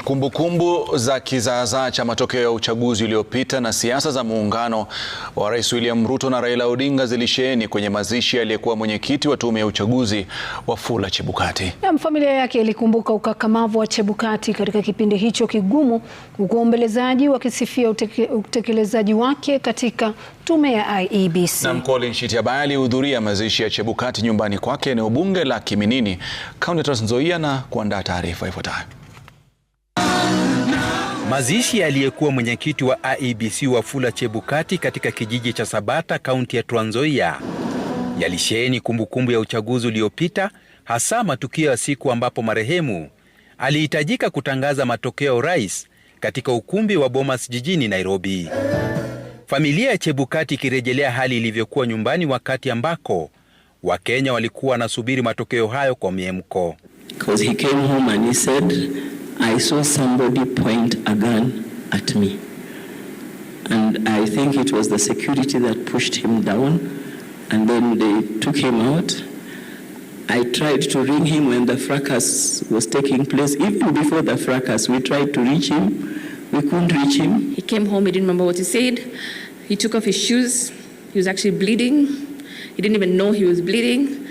kumbukumbu za kizaazaa cha matokeo ya uchaguzi uliopita na siasa za muungano wa Rais William Ruto na Raila Odinga zilisheheni kwenye mazishi aliyekuwa mwenyekiti wa tume ya uchaguzi Wafula Chebukati. Ya familia yake ilikumbuka ukakamavu wa Chebukati katika kipindi hicho kigumu, huku waombolezaji wakisifia utekelezaji wake katika tume ya IEBC. Na Colin Shitiabaya alihudhuria mazishi ya Chebukati nyumbani kwake eneo bunge la Kiminini, kaunti ya Trans Nzoia na kuandaa taarifa ifuatayo. Mazishi aliyekuwa mwenyekiti wa IEBC Wafula Chebukati katika kijiji cha Sabata kaunti ya Trans Nzoia yalisheheni kumbukumbu ya uchaguzi uliopita, hasa matukio ya siku ambapo marehemu alihitajika kutangaza matokeo ya urais katika ukumbi wa Bomas jijini Nairobi. Familia ya Chebukati ikirejelea hali ilivyokuwa nyumbani wakati ambako Wakenya walikuwa wanasubiri matokeo hayo kwa miemko. I saw somebody point a gun at me. And I think it was the security that pushed him down. And then they took him out. I tried to ring him when the fracas was taking place. Even before the fracas, we tried to reach him. We couldn't reach him. He came home, he didn't remember what he said. He took off his shoes. He was actually bleeding. He didn't even know he was bleeding.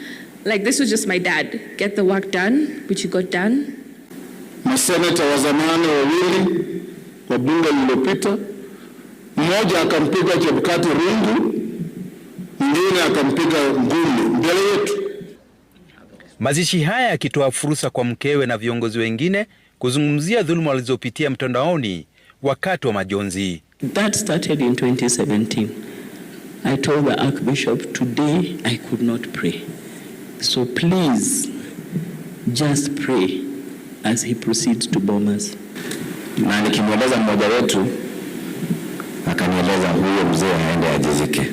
Like, this was just my dad. Get the work done, which he got done. maseneta wa zamani wawili wa bunge lililopita, mmoja akampiga Chebukati rungu, mwingine akampiga ngumi mbele yetu. Mazishi haya yakitoa fursa kwa mkewe na viongozi wengine kuzungumzia dhuluma walizopitia mtandaoni wakati wa majonzi. That started in 2017. I told the Archbishop today I could not pray. So please just pray as he proceeds to bomb us. Na nikimweleza mmoja wetu akanieleza huyo mzee aende ajizike.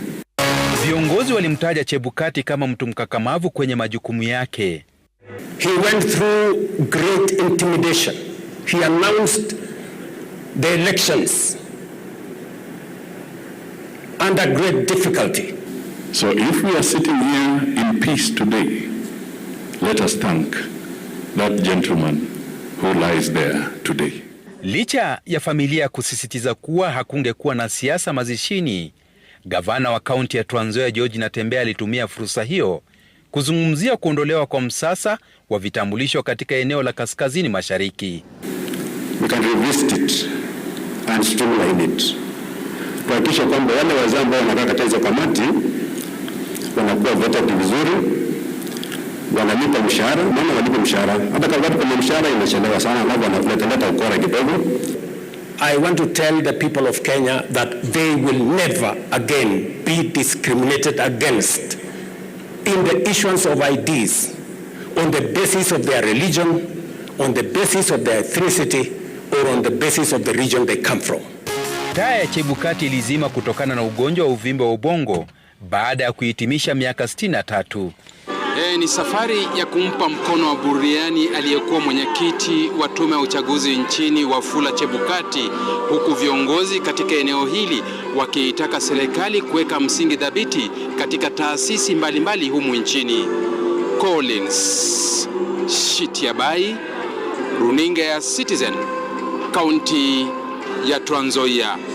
Viongozi walimtaja Chebukati kama mtu mkakamavu kwenye majukumu yake. He went through great intimidation. He announced the elections under great difficulty. So if we are sitting here in peace today, let us thank that gentleman who lies there today. Licha ya familia kusisitiza kuwa hakungekuwa na siasa mazishini, gavana wa kaunti ya Trans Nzoia George Natembeya alitumia fursa hiyo kuzungumzia kuondolewa kwa msasa wa vitambulisho katika eneo la kaskazini mashariki. We can revisit it and streamline it, kuhakikisha kwamba wale wazee ambao wanakaa katika hizo kamati wanakuwa vetted vizuri wanalipa mshahara, maana walipa mshahara. Hata kama watu kama mshahara inachelewa sana, alafu wanaleta ukora kidogo. I want to tell the people of Kenya that they will never again be discriminated against in the issuance of IDs on the basis of their religion, on the basis of their ethnicity, or on the basis of the region they come from. Taa ya Chebukati ilizima kutokana na ugonjwa wa uvimbe wa ubongo baada ya kuhitimisha miaka 63. E, ni safari ya kumpa mkono wa buriani aliyekuwa mwenyekiti wa tume ya uchaguzi nchini Wafula Chebukati, huku viongozi katika eneo hili wakiitaka serikali kuweka msingi dhabiti katika taasisi mbalimbali humu nchini. Collins Shitiabai, runinga ya Citizen, kaunti ya Trans Nzoia.